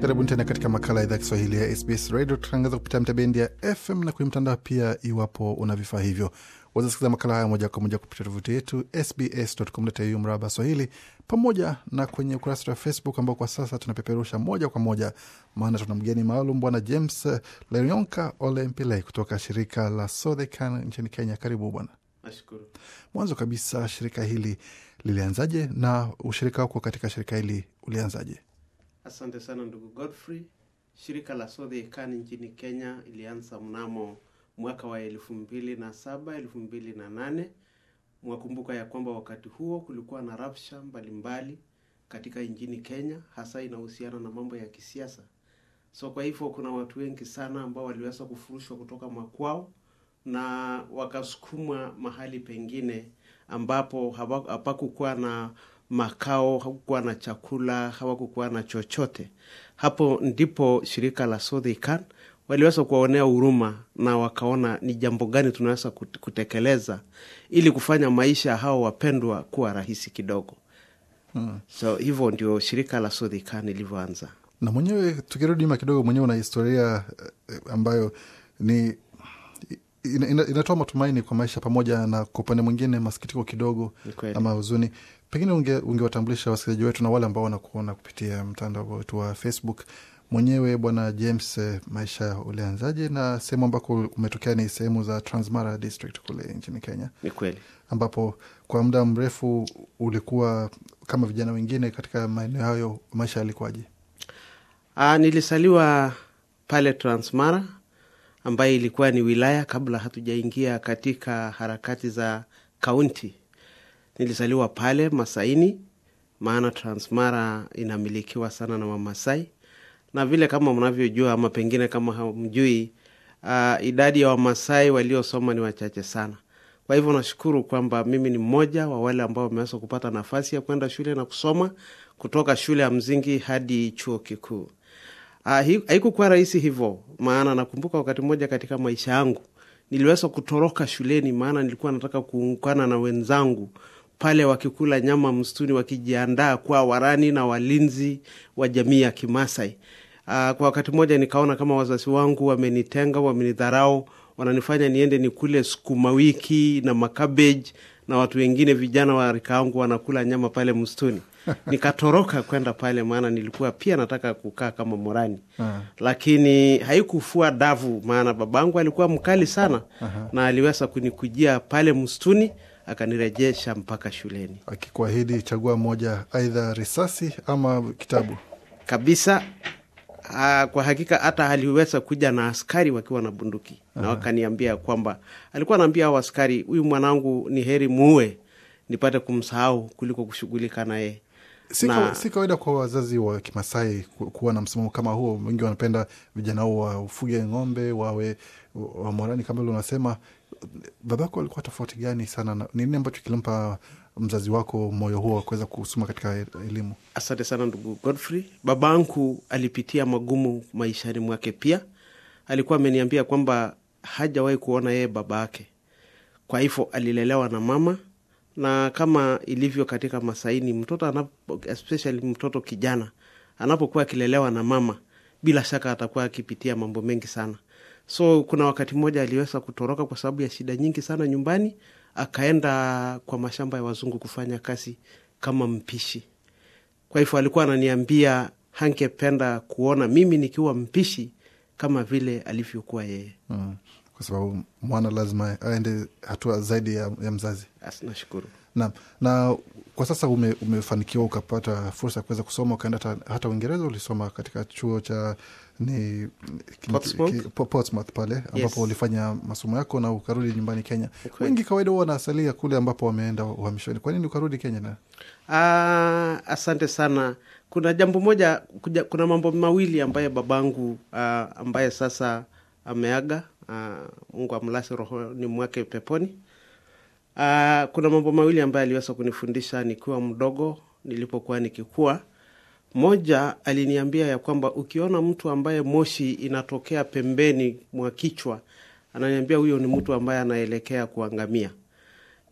Karibuni tena katika makala ya idhaa Kiswahili ya SBS Radio. Tutangaza kupitia mtabendi ya FM na kwenye mtandao pia. Iwapo una vifaa hivyo, wazasikiliza makala haya moja kwa moja kupitia tovuti yetu sbs.com.au mraba swahili, pamoja na kwenye ukurasa wa Facebook ambao kwa sasa tunapeperusha moja kwa moja, maana tuna mgeni maalum Bwana James Lerionka Ole Mpile kutoka shirika la Sothecan nchini Kenya. Karibu bwana. Nashukuru. Mwanzo kabisa, shirika hili lilianzaje na ushirika wako katika shirika hili ulianzaje? Asante sana ndugu Godfrey. Shirika la Sodheikani nchini Kenya ilianza mnamo mwaka wa elfu mbili Mwakumbuka ya kwamba wakati huo kulikuwa na rafsha mbalimbali katika nchini Kenya, hasa inahusiana na mambo ya kisiasa. So kwa hivyo kuna watu wengi sana ambao waliweza kufurushwa kutoka makwao na wakasukumwa mahali pengine ambapo hapakukuwa na makao, hakukuwa na chakula, hawakukuwa na chochote. Hapo ndipo shirika la Sodhikan waliweza kuwaonea huruma na wakaona ni jambo gani tunaweza kutekeleza ili kufanya maisha hao wapendwa kuwa rahisi kidogo. Hmm. So hivyo ndio shirika la Sodhikan ilivyoanza. Na mwenyewe tukirudi nyuma kidogo, mwenyewe una historia eh, ambayo ni inatoa ina, matumaini kwa maisha pamoja na kwa upande mwingine masikitiko kidogo ama huzuni. Pengine ungewatambulisha unge wasikilizaji wetu na wale ambao wanakuona kupitia mtandao wetu wa Facebook. Mwenyewe Bwana James, eh, maisha ulianzaje na sehemu ambako umetokea ni sehemu za Transmara District kule nchini Kenya. Ni kweli, ambapo kwa muda mrefu ulikuwa kama vijana wengine katika maeneo hayo, maisha yalikuwaje? Ah, nilisaliwa pale Transmara ambayo ilikuwa ni wilaya kabla hatujaingia katika harakati za kaunti. Nilizaliwa pale Masaini, maana Transmara inamilikiwa sana na Wamasai, na vile kama mnavyojua ama pengine kama hamjui, uh, idadi ya Wamasai waliosoma ni wachache sana. Kwa hivyo nashukuru kwamba mimi ni mmoja wa wale ambao wameweza kupata nafasi ya kwenda shule na kusoma kutoka shule ya msingi hadi chuo kikuu. Ah, haikukuwa rahisi hivyo, maana nakumbuka wakati mmoja katika maisha yangu niliweza kutoroka shuleni, maana nilikuwa nataka kuungana na wenzangu pale wakikula nyama mstuni wakijiandaa kuwa warani na walinzi wa jamii ya Kimasai. Aa, ah, kwa wakati mmoja nikaona kama wazazi wangu wamenitenga, wamenidharau, wananifanya niende nikule sukuma wiki na makabeji, na watu wengine vijana wa rika wangu wanakula nyama pale mstuni nikatoroka kwenda pale, maana nilikuwa pia nataka kukaa kama morani Aha. Lakini haikufua davu, maana babangu alikuwa mkali sana Aha. na aliweza kunikujia pale mstuni akanirejesha mpaka shuleni, akikuahidi chagua moja, aidha risasi ama kitabu kabisa. Aa, ah, kwa hakika hata aliweza kuja na askari wakiwa na bunduki Aha. na wakaniambia kwamba alikuwa anaambia hao askari, huyu mwanangu ni heri muue nipate kumsahau kuliko kushughulika naye. Si, na, si kawaida kwa wazazi wa Kimasai kuwa na msimamo kama huo. Wengi wanapenda vijana huo wafuge ng'ombe wawe wamorani kama vile unasema. Babako alikuwa tofauti gani sana ni nini ambacho kilimpa mzazi wako moyo huo wakuweza kuweza kusoma katika elimu? Asante sana ndugu Godfrey. Babangu alipitia magumu maishani mwake pia. Alikuwa ameniambia kwamba hajawahi kuona yeye baba yake, kwa hivyo alilelewa na mama na kama ilivyo katika Masaini, mtoto anapo, especially mtoto kijana anapokuwa akilelewa na mama, bila shaka atakuwa akipitia mambo mengi sana. So kuna wakati mmoja aliweza kutoroka kwa sababu ya shida nyingi sana nyumbani, akaenda kwa mashamba ya wazungu kufanya kazi kama mpishi. Kwa hivyo alikuwa ananiambia hangependa kuona mimi nikiwa mpishi kama vile alivyokuwa yeye. mm kwa sababu mwana lazima aende hatua zaidi ya, ya mzazi. Nashukuru naam. Na kwa sasa ume, umefanikiwa ukapata fursa ya kuweza kusoma ukaenda hata Uingereza, ulisoma katika chuo cha ni Portsmouth pale ambapo yes, ulifanya masomo yako na ukarudi nyumbani Kenya. Okay. Wengi kawaida huwa wanaasalia kule ambapo wameenda uhamishoni. Kwa nini ukarudi Kenya? Na uh, asante sana. Kuna jambo moja, kuna mambo mawili ambayo babangu uh, ambaye sasa ameaga. Ah, Mungu amlase rohoni mwake peponi. Aa, ah, kuna mambo mawili ambayo aliweza kunifundisha nikiwa mdogo, nilipokuwa nikikua. Moja, aliniambia ya kwamba ukiona mtu ambaye moshi inatokea pembeni mwa kichwa, ananiambia huyo ni mtu ambaye anaelekea kuangamia.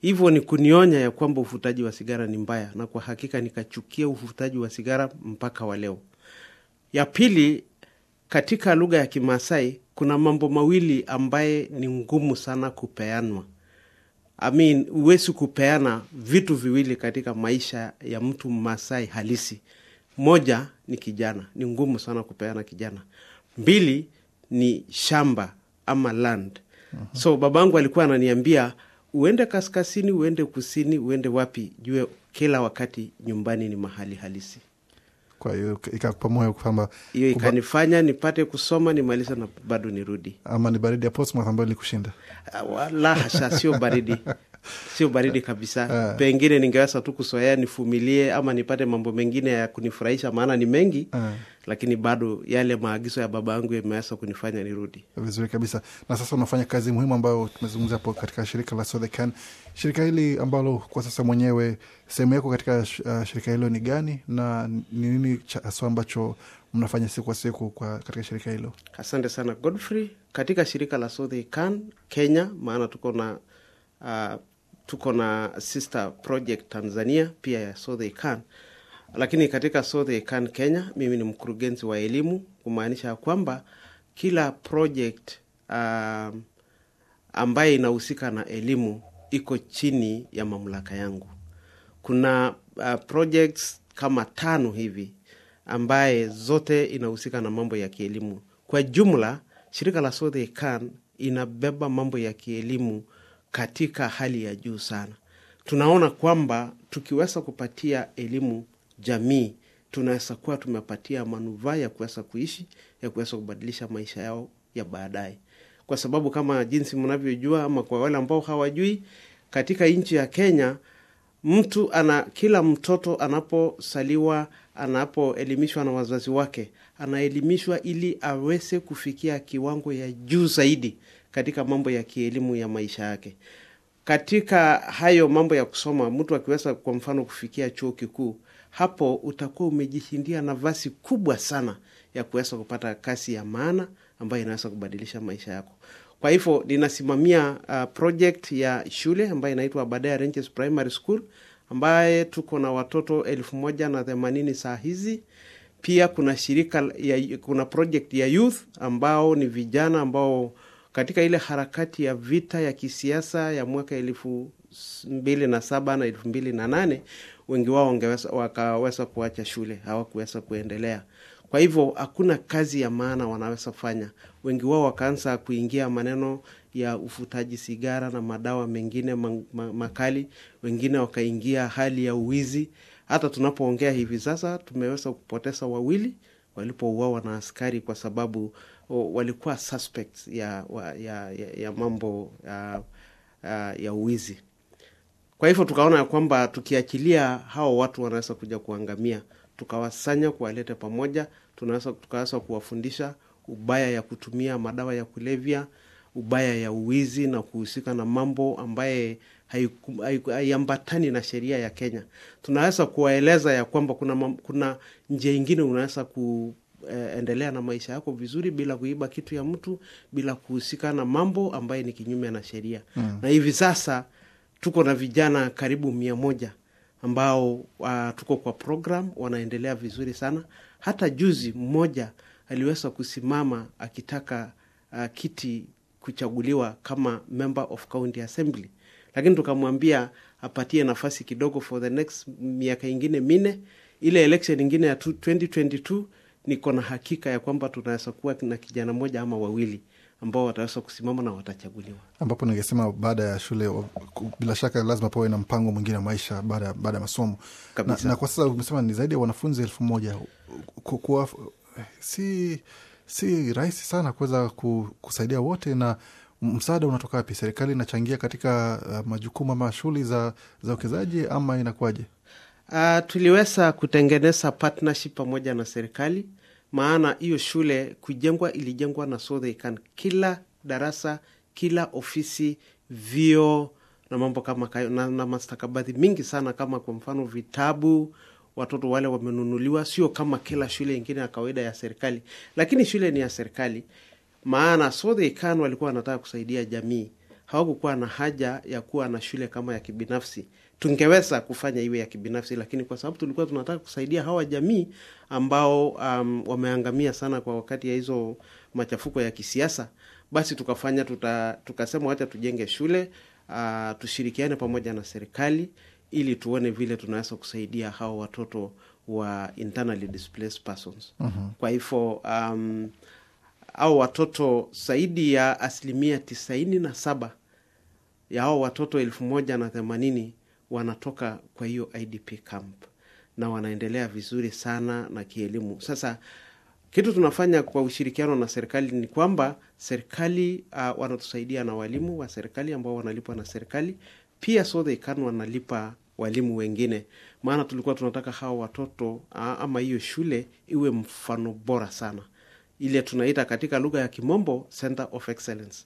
Hivyo ni kunionya ya kwamba uvutaji wa sigara ni mbaya, na kwa hakika nikachukia uvutaji wa sigara mpaka wa leo. Ya pili katika lugha ya kimaasai kuna mambo mawili ambaye ni ngumu sana kupeanwa. I mean, huwezi kupeana vitu viwili katika maisha ya mtu Masai halisi. Moja ni kijana, ni ngumu sana kupeana kijana. Mbili ni shamba ama land. uh-huh. So babangu alikuwa ananiambia uende kaskazini, uende kusini, uende wapi, jue kila wakati nyumbani ni mahali halisi. Kwa hiyo ikakupa moyo kwamba hiyo ikanifanya nipate kusoma nimaliza na bado nirudi, ama ni baridi ya Portsmouth ambayo ilikushinda? Ah, la hasha, sio baridi sio baridi kabisa. Uh, pengine ningeweza tu kusoea nifumilie, ama nipate mambo mengine ya kunifurahisha, maana ni mengi uh, lakini bado yale maagizo ya baba yangu yameweza kunifanya nirudi vizuri kabisa. Na sasa unafanya kazi muhimu ambayo tumezungumza hapo katika shirika la Sodhecan, shirika hili ambalo kwa sasa mwenyewe sehemu yako katika uh, shirika hilo ni gani na ni nini haswa ambacho mnafanya siku kwa siku kwa katika shirika hilo? Asante sana Godfrey. Katika shirika la Sodhecan Kenya, maana tuko na uh, tuko na sister project Tanzania pia ya So They Can, lakini katika So They Can Kenya mimi ni mkurugenzi wa elimu, kumaanisha ya kwamba kila project um, ambaye inahusika na elimu iko chini ya mamlaka yangu. Kuna uh, projects kama tano hivi ambaye zote inahusika na mambo ya kielimu. Kwa jumla, shirika la So They Can inabeba mambo ya kielimu katika hali ya juu sana. Tunaona kwamba tukiweza kupatia elimu jamii, tunaweza kuwa tumepatia manuvaa ya kuweza kuishi, ya kuweza kubadilisha maisha yao ya baadaye, kwa sababu kama jinsi mnavyojua, ama kwa wale ambao hawajui, katika nchi ya Kenya mtu ana kila mtoto anaposaliwa anapoelimishwa na wazazi wake, anaelimishwa ili aweze kufikia kiwango ya juu zaidi katika mambo ya kielimu ya maisha yake. Katika hayo mambo ya kusoma, mtu akiweza kwa mfano kufikia chuo kikuu, hapo utakuwa umejishindia nafasi kubwa sana ya kuweza kupata kasi ya maana ambayo inaweza kubadilisha maisha yako. Kwa hivyo ninasimamia uh, project ya shule ambayo inaitwa Baadaye Ranges Primary School ambaye tuko na watoto elfu moja na themanini saa hizi. Pia kuna shirika ya, kuna project ya youth ambao ni vijana ambao katika ile harakati ya vita ya kisiasa ya mwaka elfu mbili na saba na elfu mbili na nane wengi wao wakaweza kuacha shule, hawakuweza kuendelea. Kwa hivyo hakuna kazi ya maana wanaweza fanya. Wengi wao wakaanza kuingia maneno ya ufutaji sigara na madawa mengine makali, wengine wakaingia hali ya uwizi. Hata tunapoongea hivi sasa tumeweza kupoteza wawili walipouawa na askari kwa sababu walikuwa suspects ya, ya, ya, ya mambo ya, ya uwizi. Kwa hivyo tukaona ya kwamba tukiachilia hao watu wanaweza kuja kuangamia, tukawasanya kuwaleta pamoja, tunaweza tukaweza kuwafundisha ubaya ya kutumia madawa ya kulevya, ubaya ya uwizi na kuhusika na mambo ambaye haiambatani na sheria ya Kenya. Tunaweza kuwaeleza ya kwamba kuna, kuna njia ingine unaweza ku e, endelea na maisha yako vizuri bila kuiba kitu ya mtu, bila kuhusika na mambo ambayo ni kinyume na sheria mm. Na hivi sasa tuko na vijana karibu mia moja ambao uh, tuko kwa program wanaendelea vizuri sana. Hata juzi mmoja aliweza kusimama akitaka uh, kiti kuchaguliwa kama member of county assembly lakini tukamwambia apatie nafasi kidogo for the next miaka ingine minne, ile election ingine ya 2022 niko na hakika ya kwamba tunaweza kuwa na kijana mmoja ama wawili ambao wataweza kusimama na watachaguliwa, ambapo ningesema baada ya shule bila shaka lazima pawe na mpango mwingine wa maisha baada baada ya masomo na, na kwa sasa umesema ni zaidi ya wanafunzi elfu moja kuwa si si rahisi sana kuweza kusaidia wote na msaada unatoka wapi? Serikali inachangia katika uh, majukumu ama shughuli za, za uwekezaji ama inakuwaje? Uh, tuliweza kutengeneza partnership pamoja na serikali, maana hiyo shule kujengwa ilijengwa na Southern, kila darasa, kila ofisi, vio na mambo kama kayo, na, na mastakabadhi mingi sana, kama kwa mfano vitabu watoto wale wamenunuliwa, sio kama kila shule ingine ya kawaida ya serikali, lakini shule ni ya serikali maana sote ikano walikuwa wanataka kusaidia jamii, hawakukuwa na haja ya kuwa na shule kama ya kibinafsi. Tungeweza kufanya iwe ya kibinafsi, lakini kwa sababu tulikuwa tunataka kusaidia hawa jamii ambao um, wameangamia sana kwa wakati ya hizo machafuko ya kisiasa, basi tukafanya tuta, tukasema wacha tujenge shule uh, tushirikiane pamoja na serikali ili tuone vile tunaweza kusaidia hawa watoto wa internally displaced persons. Uh mhm. -huh. Kwa hivyo um, au watoto zaidi ya asilimia tisaini na saba ya hao watoto elfu moja na themanini wanatoka kwa hiyo IDP camp na wanaendelea vizuri sana na kielimu. Sasa kitu tunafanya kwa ushirikiano na serikali ni kwamba serikali uh, wanatusaidia na walimu wa serikali ambao wanalipwa na serikali pia, so they can wanalipa walimu wengine, maana tulikuwa tunataka hawa watoto uh, ama hiyo shule iwe mfano bora sana ile tunaita katika lugha ya kimombo center of excellence.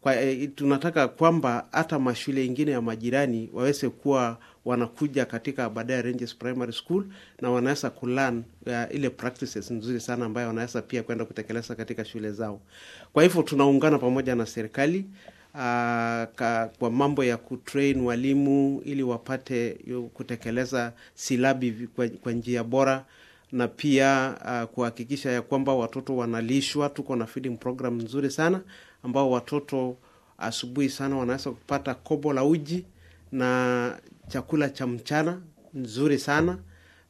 Kwa, eh, tunataka kwamba hata mashule ingine ya majirani waweze kuwa wanakuja katika Aberdare Ranges Primary School na wanaweza kulan uh, eh, ile practices nzuri sana ambayo wanaweza pia kwenda kutekeleza katika shule zao. Kwa hivyo tunaungana pamoja na serikali uh, ka, kwa mambo ya kutrain walimu ili wapate kutekeleza silabi kwa, kwa njia bora na pia uh, kuhakikisha ya kwamba watoto wanalishwa. Tuko na feeding program nzuri sana ambao watoto asubuhi sana wanaweza kupata kobo la uji na chakula cha mchana nzuri sana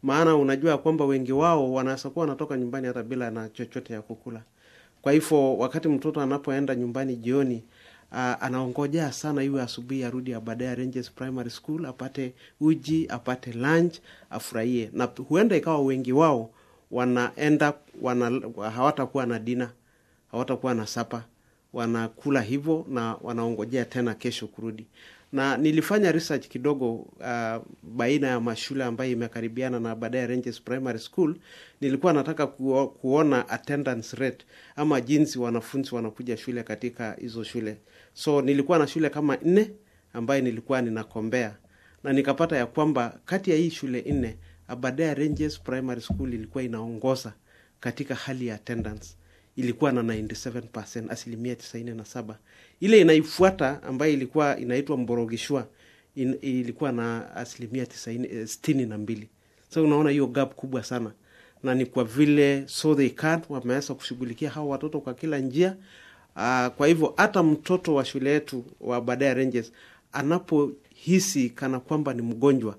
maana unajua kwamba wengi wao wanaweza kuwa wanatoka nyumbani hata bila na chochote ya kukula. Kwa hivyo wakati mtoto anapoenda nyumbani jioni uh, anaongojea sana iwe asubuhi, arudi baadaye Rangers Primary School apate uji, apate lunch, afurahie. Na huenda ikawa wengi wao wanaenda wana, hawatakuwa na dina, hawatakuwa na sapa, wanakula hivyo na wanaongojea tena kesho kurudi na nilifanya research kidogo uh, baina ya mashule ambayo imekaribiana na baadaye Ranges Primary School. Nilikuwa nataka kuona attendance rate ama jinsi wanafunzi wanakuja shule katika hizo shule, so nilikuwa na shule kama nne ambayo nilikuwa ninakombea na nikapata ya kwamba kati ya hii shule nne Aberdare Ranges Primary School ilikuwa inaongoza katika hali ya attendance ilikuwa na 97%, asilimia 97. Ile inaifuata ambayo ilikuwa inaitwa Mborogishwa in, ilikuwa na asilimia 62. Eh, so unaona hiyo gap kubwa sana, na ni kwa vile so they can wameweza kushughulikia hawa watoto kwa kila njia. Uh, kwa hivyo hata mtoto wa shule yetu wa Baadaye Ranges anapohisi kana kwamba ni mgonjwa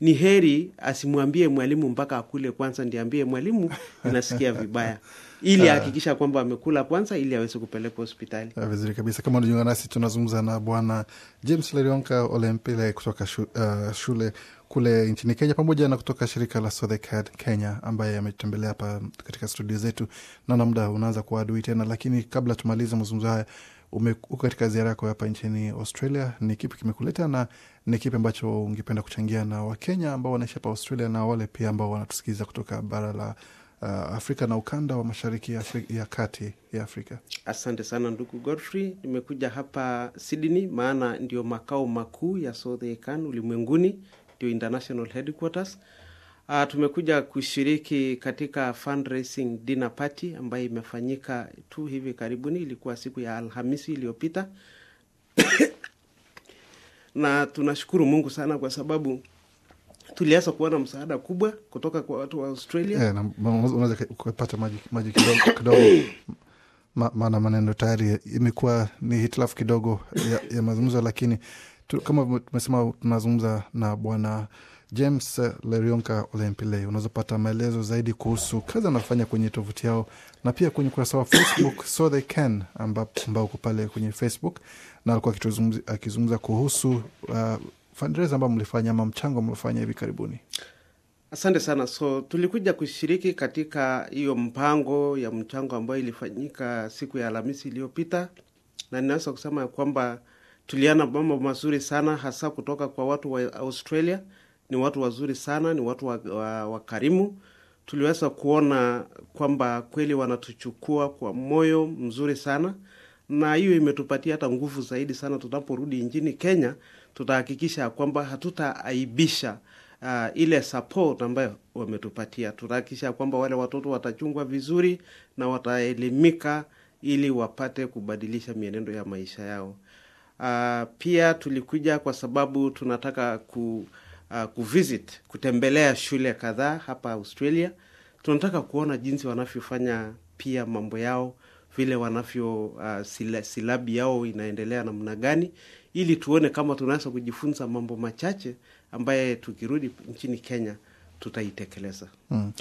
ni heri asimwambie mwalimu mpaka akule kwanza, ndiambie mwalimu, inasikia vibaya ili ahakikisha eh. kwamba amekula kwanza ili aweze kupelekwa hospitali. uh, Vizuri kabisa. Kama unajunga nasi, tunazungumza na Bwana James Lerionka Olempile kutoka shu, uh, shule kule nchini Kenya pamoja na kutoka shirika la Sodecad Kenya ambaye ametembelea hapa katika studio zetu. Naona muda unaanza kuwa adui tena, lakini kabla tumalize mazungumzo haya, uko katika ziara yako hapa nchini Australia, ni kipi kimekuleta na ni kipi ambacho ungependa kuchangia na Wakenya ambao wanaishi hapa Australia na wale pia ambao wanatusikiliza kutoka bara la uh, Afrika na ukanda wa mashariki ya, Afrika, ya kati ya Afrika. Asante sana ndugu Godfrey, nimekuja hapa Sydney maana ndio makao makuu ya Southern ulimwenguni, ndio international headquarters. Uh, tumekuja kushiriki katika fundraising dinner party ambayo imefanyika tu hivi karibuni, ilikuwa siku ya Alhamisi iliyopita na tunashukuru Mungu sana kwa sababu tulianza kuona msaada kubwa kutoka kwa watu wa Australia. Yeah, unaweza kupata maji, maji kidogo kidogo maana maneno tayari imekuwa ni hitilafu kidogo ya, ya mazungumzo, lakini tu, kama tumesema tunazungumza na bwana James Lerionka Olempile. unazopata maelezo zaidi kuhusu kazi anafanya kwenye tovuti yao na pia kwenye ukurasa wa Facebook so they can, ambao uko pale kwenye Facebook, na alikuwa akizungumza kuhusu uh, fundraiser ambayo mlifanya ama mchango mliofanya hivi karibuni? Asante sana. So tulikuja kushiriki katika hiyo mpango ya mchango ambayo ilifanyika siku ya Alhamisi iliyopita, na ninaweza kusema ya kwamba tuliana mambo mazuri sana, hasa kutoka kwa watu wa Australia. Ni watu wazuri sana, ni watu wakarimu wa, wa tuliweza kuona kwamba kweli wanatuchukua kwa moyo mzuri sana, na hiyo imetupatia hata nguvu zaidi sana tunaporudi nchini Kenya tutahakikisha ya kwamba hatutaaibisha Uh, ile support ambayo wametupatia, tutahakikisha kwamba wale watoto watachungwa vizuri na wataelimika ili wapate kubadilisha mienendo ya maisha yao. Uh, pia tulikuja kwa sababu tunataka ku, uh, kuvisit kutembelea shule kadhaa hapa Australia. Tunataka kuona jinsi wanavyofanya pia mambo yao vile wanavyo uh, sila, silabi yao inaendelea namna gani, ili tuone kama tunaweza kujifunza mambo machache ambaye tukirudi nchini Kenya tutaitekeleza. Mm.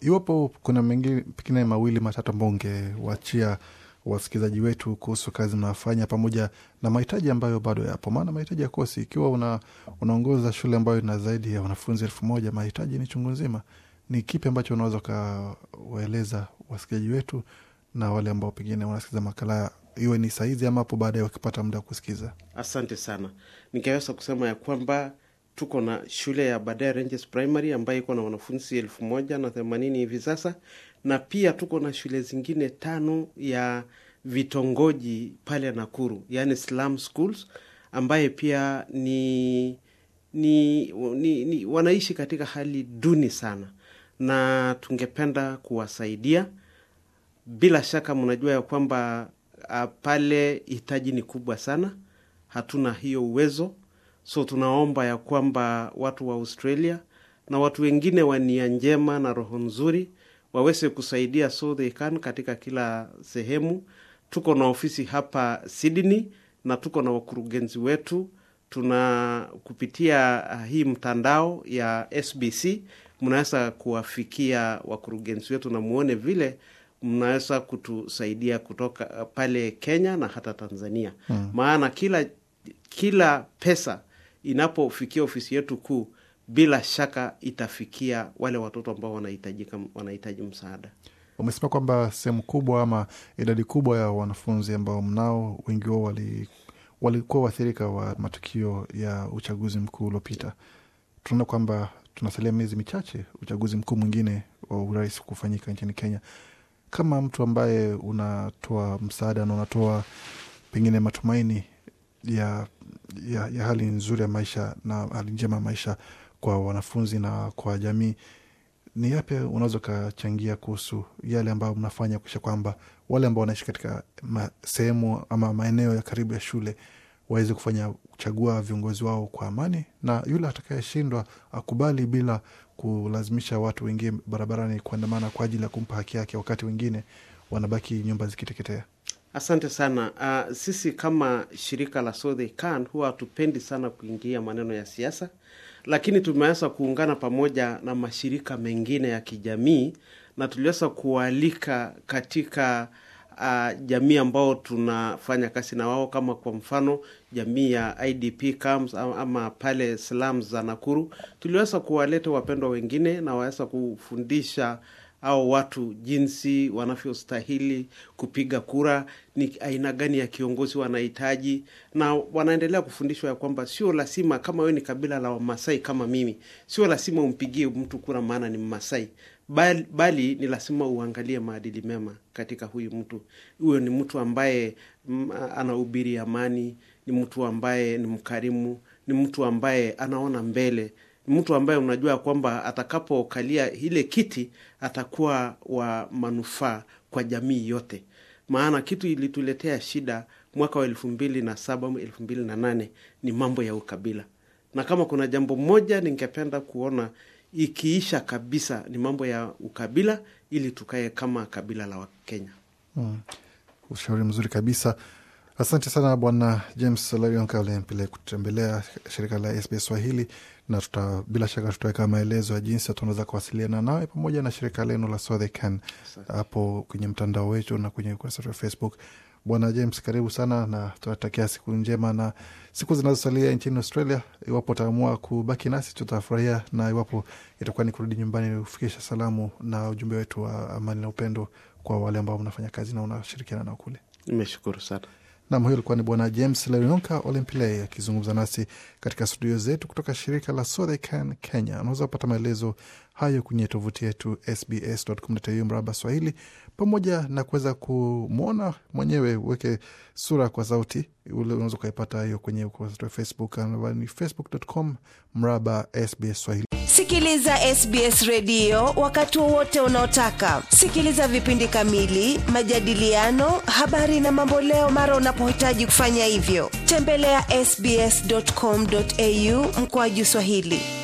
Iwapo kuna mengi pengine mawili matatu ambao ungewachia wasikilizaji wetu kuhusu kazi mnayofanya pamoja na mahitaji ambayo bado yapo, maana mahitaji ya kosi, Ikiwa una, unaongoza shule ambayo ina zaidi ya wanafunzi elfu moja mahitaji ni chungu nzima, ni kipi ambacho unaweza ukawaeleza wasikilizaji wetu na wale ambao pengine wanasikiza makala iwe ni sahizi ama hapo baadaye wakipata muda wa kusikiza. Asante sana. nikaweza kusema ya kwamba tuko na shule ya Baadaye ranges Primary ambayo iko na wanafunzi elfu moja na themanini hivi sasa, na pia tuko na shule zingine tano ya vitongoji pale Nakuru, yani slam schools, ambaye pia ni ni, ni, ni wanaishi katika hali duni sana, na tungependa kuwasaidia bila shaka mnajua ya kwamba ah, pale hitaji ni kubwa sana, hatuna hiyo uwezo, so tunaomba ya kwamba watu wa Australia na watu wengine wa nia njema na roho nzuri waweze kusaidia so they can katika kila sehemu. Tuko na ofisi hapa Sydney na tuko na wakurugenzi wetu. Tuna kupitia ah, hii mtandao ya SBC mnaweza kuwafikia wakurugenzi wetu na muone vile mnaweza kutusaidia kutoka uh, pale Kenya na hata Tanzania hmm. Maana kila, kila pesa inapofikia ofisi yetu kuu bila shaka itafikia wale watoto ambao wanahitaji msaada. Umesema kwamba sehemu kubwa ama idadi kubwa ya wanafunzi ambao mnao wengi wao wali walikuwa waathirika wa matukio ya uchaguzi mkuu uliopita. Tunaona kwamba tunasalia miezi michache uchaguzi mkuu mwingine wa urais kufanyika nchini Kenya kama mtu ambaye unatoa msaada na unatoa pengine matumaini ya, ya, ya hali nzuri ya maisha na hali njema ya maisha kwa wanafunzi na kwa jamii, ni yapi unaweza ukachangia kuhusu yale ambayo mnafanya kuisha kwamba wale ambao wanaishi katika sehemu ama maeneo ya karibu ya shule waweze kufanya kuchagua viongozi wao kwa amani, na yule atakayeshindwa akubali bila kulazimisha watu wengie barabarani kuandamana kwa ajili ya kumpa haki yake, wakati wengine wanabaki nyumba zikiteketea. Asante sana. Uh, sisi kama shirika la So They Can huwa hatupendi sana kuingia maneno ya siasa, lakini tumeweza kuungana pamoja na mashirika mengine ya kijamii na tuliweza kualika katika uh, jamii ambao tunafanya kazi na wao, kama kwa mfano jamii ya IDP camps ama pale slums za Nakuru, tuliweza kuwaleta wapendwa wengine na waweza kufundisha au watu jinsi wanavyostahili kupiga kura, ni aina gani ya kiongozi wanahitaji, na wanaendelea kufundishwa ya kwamba sio lazima, kama wewe ni kabila la Wamasai kama mimi, sio lazima umpigie mtu kura maana ni Mmasai bali, bali ni lazima uangalie maadili mema katika huyu mtu. Huyo ni mtu ambaye mm, anahubiri amani, ni mtu ambaye ni mkarimu, ni mtu ambaye anaona mbele, ni mtu ambaye unajua kwamba atakapokalia ile kiti atakuwa wa manufaa kwa jamii yote. Maana kitu ilituletea shida mwaka wa elfu mbili na saba elfu mbili na nane ni mambo ya ukabila, na kama kuna jambo moja ningependa kuona ikiisha kabisa ni mambo ya ukabila, ili tukae kama kabila la Wakenya. Mm. Ushauri mzuri kabisa. Asante sana Bwana James Larionka Olempile kutembelea shirika la SBS Swahili, na tuta, bila shaka tutaweka maelezo ya jinsi tunaweza kuwasiliana nawe pamoja na shirika lenu la sothecan hapo kwenye mtandao wetu na kwenye ukurasa wetu wa Facebook. Bwana James, karibu sana na tunatakia siku njema na siku zinazosalia nchini Australia. Iwapo utaamua kubaki nasi, tutafurahia na iwapo itakuwa ni kurudi nyumbani, kufikisha salamu na ujumbe wetu wa amani na upendo kwa wale ambao mnafanya kazi na unashirikiana nao kule. Nimeshukuru sana. Nam, huyo alikuwa ni Bwana James Lerionka Olempilei akizungumza nasi katika studio zetu kutoka shirika la Sodecan Kenya. Unaweza kupata maelezo hayo kwenye tovuti yetu sbs.com.au mraba Swahili, pamoja na kuweza kumwona mwenyewe, uweke sura kwa sauti ule, unaweza ukaipata hiyo kwenye ukurasa wa Facebook ambayo ni facebook.com mraba SBS Swahili. Sikiliza SBS redio wakati wowote unaotaka. Sikiliza vipindi kamili, majadiliano, habari na mamboleo mara unapohitaji kufanya hivyo. Tembelea ya sbs.com.au mkoaju Swahili.